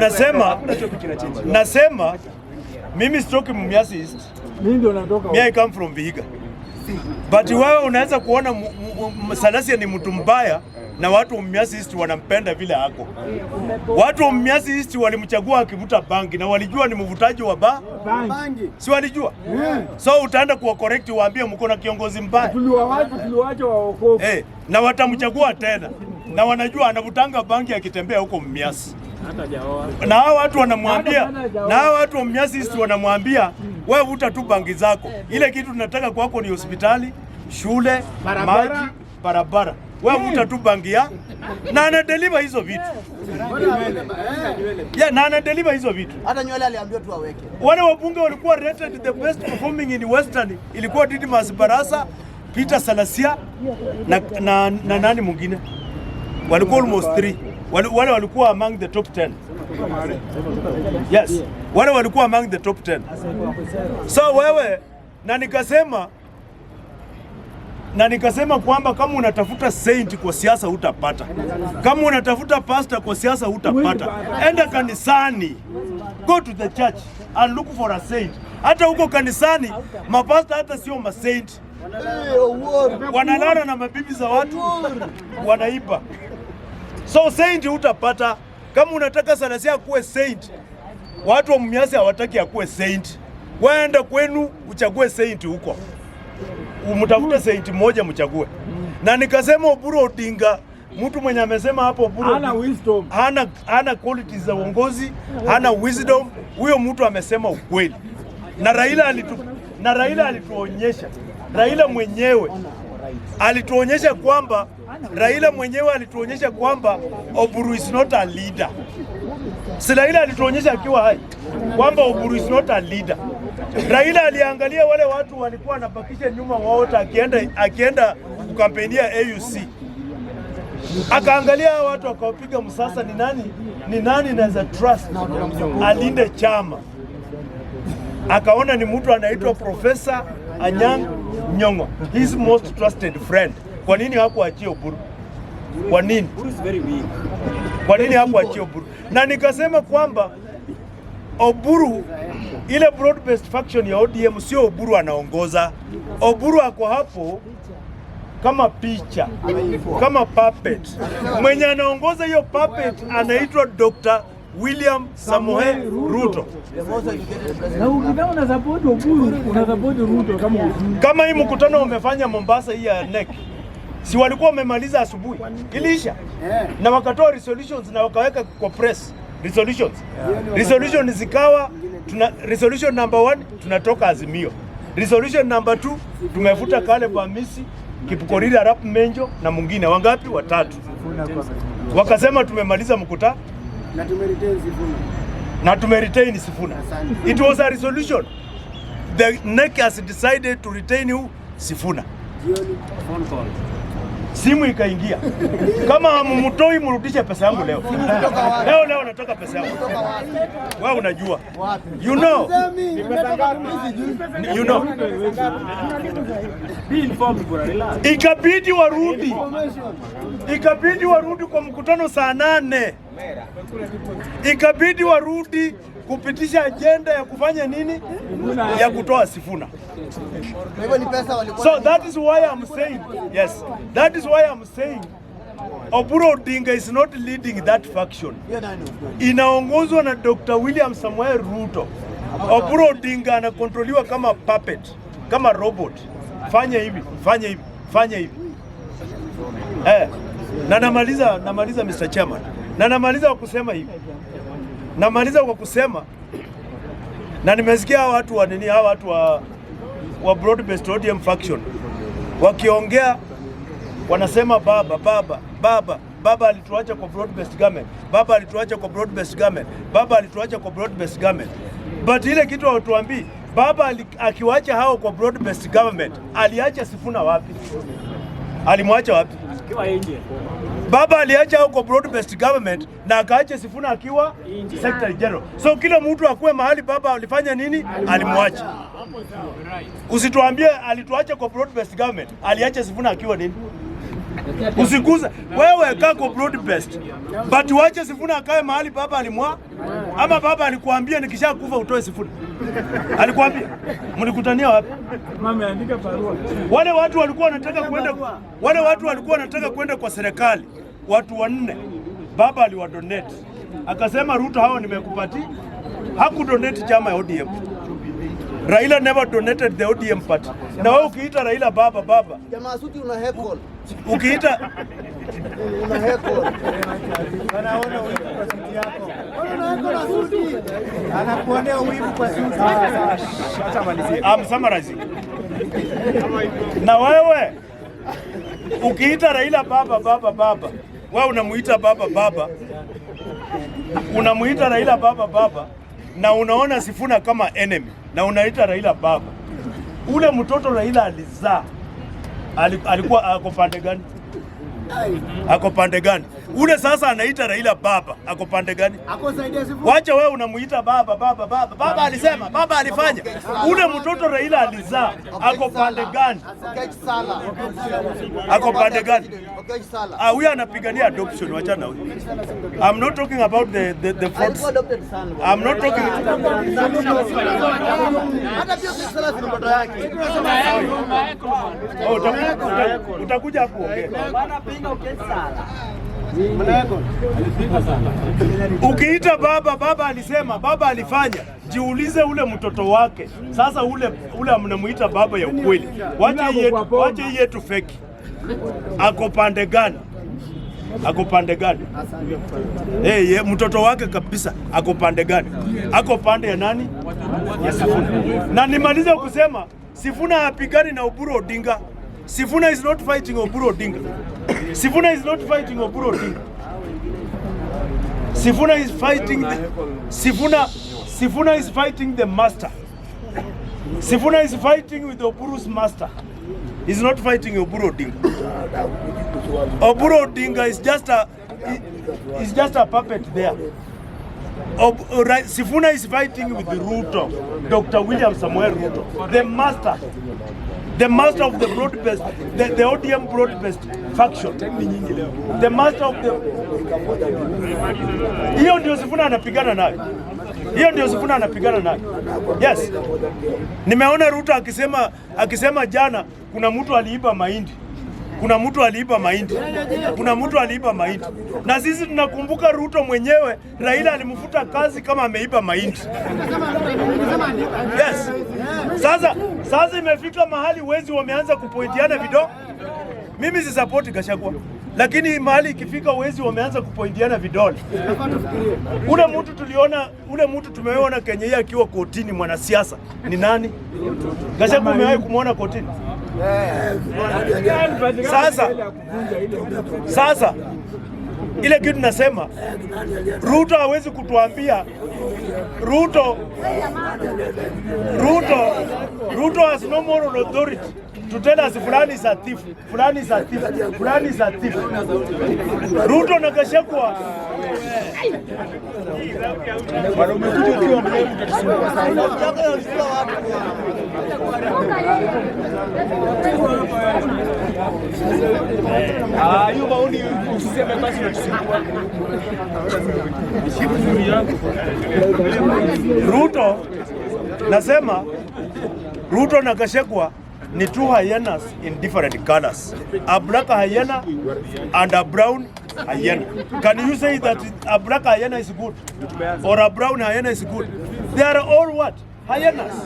Nasema, nasema mimi stroke mumiasist, mimi I come from Vihiga, but wewe unaweza kuona Salasya ni mtu mbaya na watu wa wanampenda vile ako. Watu wa Mumias walimchagua akivuta bangi na walijua ni mvutaji wa ba bangi, si walijua? Yeah. So utaenda kuwa correct, waambie mko na kiongozi mbaya, hey, eh, na watamchagua tena, na wanajua anavutanga bangi akitembea huko Mumias na hao watu wanamwambia, na hao watu wa mnyasisi wanamwambia wewe uta tu bangi zako, ile kitu tunataka kwako ni hospitali, shule, maji, barabara. Wewe uta tu bangi ya na ana deliver hizo vitu yeah, na ana deliver hizo vitu. Hata nywele aliambiwa tu aweke. Wale wabunge walikuwa rated the best performing in Western, ilikuwa Didmus Barasa, Peter Salasia na, na, na nani mwingine walikuwa almost three wale walikuwa among the top 10. Yes, wale walikuwa among the top 10. So wewe na nikasema na nikasema kwamba kama unatafuta saint kwa siasa utapata kama unatafuta pastor kwa siasa utapata Enda kanisani, go to the church and look for a saint. Hata huko kanisani mapasta hata sio saint, wanalala na mabibi za watu, wanaiba So saint utapata kama unataka Salasya akuwe saint. Watu wa Mumias hawataki akuwe saint, waenda kwenu uchague saint huko, umtafute saint mmoja mchague. Na nikasema Oburu Odinga, mtu mwenye amesema hapo Oburu hana wisdom, hana hana qualities za uongozi, hana wisdom. Huyo mtu amesema ukweli, na Raila alitu, na Raila alituonyesha, Raila mwenyewe alituonyesha kwamba Raila mwenyewe alituonyesha kwamba Oburu is not a leader. Si Raila alituonyesha akiwa hai kwamba Oburu is not a leader. Raila aliangalia wale watu walikuwa wanabakisha nyuma waota, akienda akienda kukampenia AUC akaangalia hao watu akawapiga msasa, ni nani ni nani naweza trust alinde chama. Akaona ni mtu anaitwa Profesa Anyang' Nyong'o, his most trusted friend. Kwa nini hakuachia Oburu? Kwa nini? Kwa nini hakuachia Oburu? Na nikasema kwamba Oburu ile broad based faction ya ODM sio Oburu anaongoza. Oburu ako hapo kama picha, kama puppet. Mwenye anaongoza hiyo puppet anaitwa Dr. William samoe Ruto. Kama hii mkutano umefanya Mombasa hii ya neck si walikuwa wamemaliza asubuhi, iliisha yeah. Na wakatoa resolutions na wakaweka kwa press resolutions yeah. Resolution zikawa tuna, resolution number one tunatoka Azimio, resolution number two tumefuta Kale Hamisi, Kipkorir Arap Menjo na mwingine wangapi, watatu. Wakasema tumemaliza mkutano na tumeretain Sifuna. It was a resolution the NEC has decided to retain you Sifuna. Phone call simu ikaingia, kama hamumtoi murudishe pesa yangu leo. Leo leo nataka pesa yangu. Wewe unajua, you know, you know, ikabidi warudi, ikabidi warudi kwa mkutano saa nane, ikabidi warudi kupitisha ajenda ya kufanya nini, ya kutoa Sifuna. So that is why I'm saying yes, that is why I'm saying Oburu Odinga is not leading that faction, inaongozwa na Dr. William Samuel Ruto. Oburu Odinga anakontroliwa kama puppet, kama robot. Fanya hivi, fanya hivi, fanya hivi eh. Na namaliza, namaliza Mr. Chairman, na namaliza kusema hivi Namaliza kwa kusema na nimesikia hawa watu wa nini, hawa watu wa, wa broad based ODM faction wakiongea, wanasema baba baba baba baba alituacha kwa broad based government, baba alituacha kwa broad based government, baba alituacha kwa broad based government. But ile kitu hawatuambii baba akiwacha hao kwa broad based government, aliacha Sifuna wapi? Alimwacha wapi? Akiwa nje Baba aliacha huko broad based government na akaacha Sifuna akiwa secretary general. So kila mtu akuwe mahali baba alifanya nini, alimwacha. Usituambie alituacha kwa broad based government, aliacha Sifuna akiwa nini? Usikuza wewe, kako blood best but wache Sifuna akae mahali baba alimwa, ama baba alikuambia kufa utoe Sifuna? Alikuambia? mlikutania wapi? andika Wale watu walikuwa wanataka kwenda, wale watu walikuwa wanataka kwenda kwa serikali, watu wanne, baba aliwadonate akasema, Ruto hao haku Hakudonate chama ya ODM. Raila never donated the ODM party. Na wewe ukiita Raila baba baba, jamaa suti una heckle ukiita ah, ah, na wewe ukiita Raila baba baba baba, wewe unamuita baba baba, unamuita Raila baba baba, na unaona Sifuna kama enemy na unaita Raila baba. Ule mtoto Raila alizaa alikuwa ako pande gani? Ako pande gani? Ule sasa anaita Raila baba, ako pande gani? Ako Wacha wewe unamuita baba baba baba. Baba alisema, baba alifanya. Ule mtoto Raila alizaa, ako pande gani? Ako pande gani? Ah, huyu anapigania adoption, wacha na huyu. I'm not talking about the the, the frauds. I'm not talking Oh, utakuja hapo Bana pinga ukesala. Ukiita baba baba alisema, baba alifanya, jiulize ule mtoto wake. Sasa ule ule amnamuita baba ya ukweli, yetu, wacha yetu feki. Ako pande gani? Ako pande gani? Hey, eh, ye, mtoto wake kabisa ako pande gani? Ako pande ya nani? Ya Sifuna. Na nimalize kusema Sifuna apigani na Oburu Odinga. Sifuna is not fighting Oburu Odinga. Sifuna is not fighting Oburu Odinga. Sifuna is fighting the, Sifuna, Sifuna is fighting the master. Sifuna is fighting with Oburu's master. He's not fighting Oburu Odinga. Oburu Odinga is just a is just a puppet there. Ob, right, Sifuna is fighting with the Ruto, Dr. William Samuel Ruto, the master, the master of the broad-based, the, the ODM broad-based faction nyingi leo, the master of the hiyo ndio Sifuna anapigana nayo, hiyo ndio Sifuna anapigana nayo. Yes, nimeona Ruto akisema akisema jana, kuna mtu aliiba mahindi kuna mtu aliiba mahindi, kuna mtu aliiba mahindi. Na sisi tunakumbuka Ruto mwenyewe, Raila alimfuta kazi kama ameiba mahindi. Yes, sasa sasa imefika mahali wezi wameanza kupointiana vidoo mimi si support Gachagua, lakini mahali ikifika uwezi wameanza kupoindiana vidole. Ule mtu tuliona, ule mtu tumeona Kenya hii akiwa kotini, mwanasiasa ni nani? Gachagua umewahi kumwona kotini? Sasa, sasa ile kitu nasema Ruto hawezi kutuambia Ruto, Ruto, Ruto has no moral authority tutelasi fulani za satifu fulani za satifu fulani za satifu Ruto na Gachagua Ruto nasema Ruto na Gachagua ni two hyenas in different colors a black hyena and a brown hyena can you say that a black hyena is good or a brown hyena is good they are all what hyenas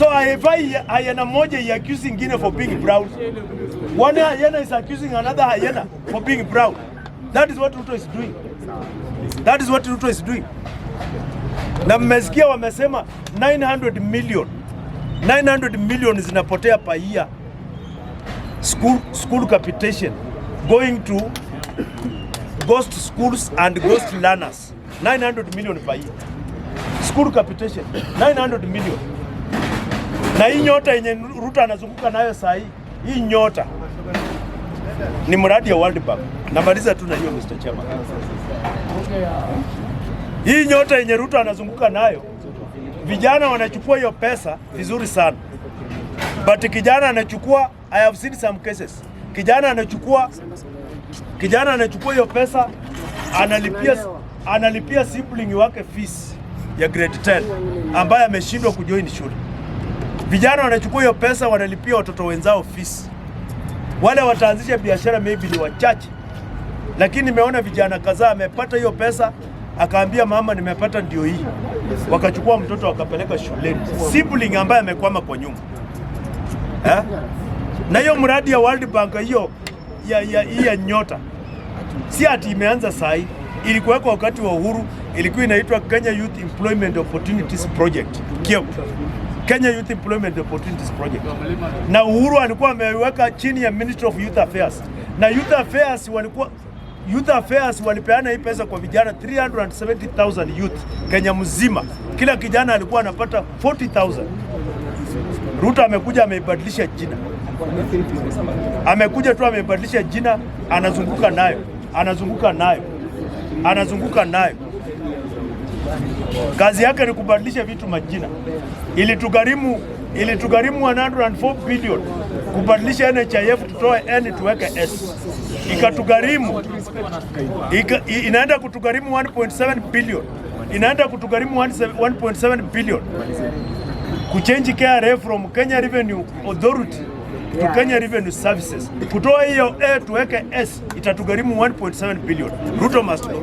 so haifai hyena moja accusing ingine for being brown one hyena is accusing another hyena for being brown that is what Ruto is doing that is what Ruto is doing na mmesikia wamesema 900 million 900 million zinapotea per year school, school capitation going to ghost schools and ghost learners 900 million per year school capitation 900 million na hii nyota yenye Ruto anazunguka nayo saa hii hii nyota ni mradi ya World Bank. Namaliza tu na hiyo Mr. Chairman. Hii nyota yenye Ruto anazunguka nayo vijana wanachukua hiyo pesa vizuri sana, but kijana anachukua, I have seen some cases, kijana anachukua kijana anachukua hiyo pesa analipia, analipia sibling wake fees ya grade 10 ambaye ameshindwa kujoin shule. Vijana wanachukua hiyo pesa wanalipia watoto wenzao fees. Wale wataanzisha biashara maybe ni wachache, lakini nimeona vijana kadhaa amepata hiyo pesa akaambia mama, nimepata ndio hii. Wakachukua mtoto wakapeleka shuleni, sibling ambaye amekwama kwa nyumba eh? na hiyo mradi ya World Bank hiyo ya, ya, ya nyota si ati imeanza saa hii, ilikuwekwa wakati wa uhuru, ilikuwa inaitwa Kenya Youth Employment Opportunities Project Kiyo. Kenya Youth Employment Opportunities Project, na Uhuru alikuwa ameweka chini ya Ministry of Youth Affairs, na Youth Affairs walikuwa Youth Affairs walipeana hii pesa kwa vijana 370,000 youth Kenya mzima, kila kijana alikuwa anapata 40,000. Ruto amekuja ameibadilisha jina, amekuja tu ameibadilisha jina, anazunguka nayo, anazunguka nayo, anazunguka nayo. Kazi yake ni kubadilisha vitu majina. Ilitugharimu, ilitugharimu 104 billion kubadilisha NHIF tutoe N tuweke S ikatugharimu ika, inaenda kutugharimu 1.7 billion, inaenda kutugharimu 1.7 billion kuchange KRA from Kenya Revenue Authority to yeah. Kenya Revenue Services kutoa hiyo A tuweke S itatugharimu 1.7 billion. Ruto must go.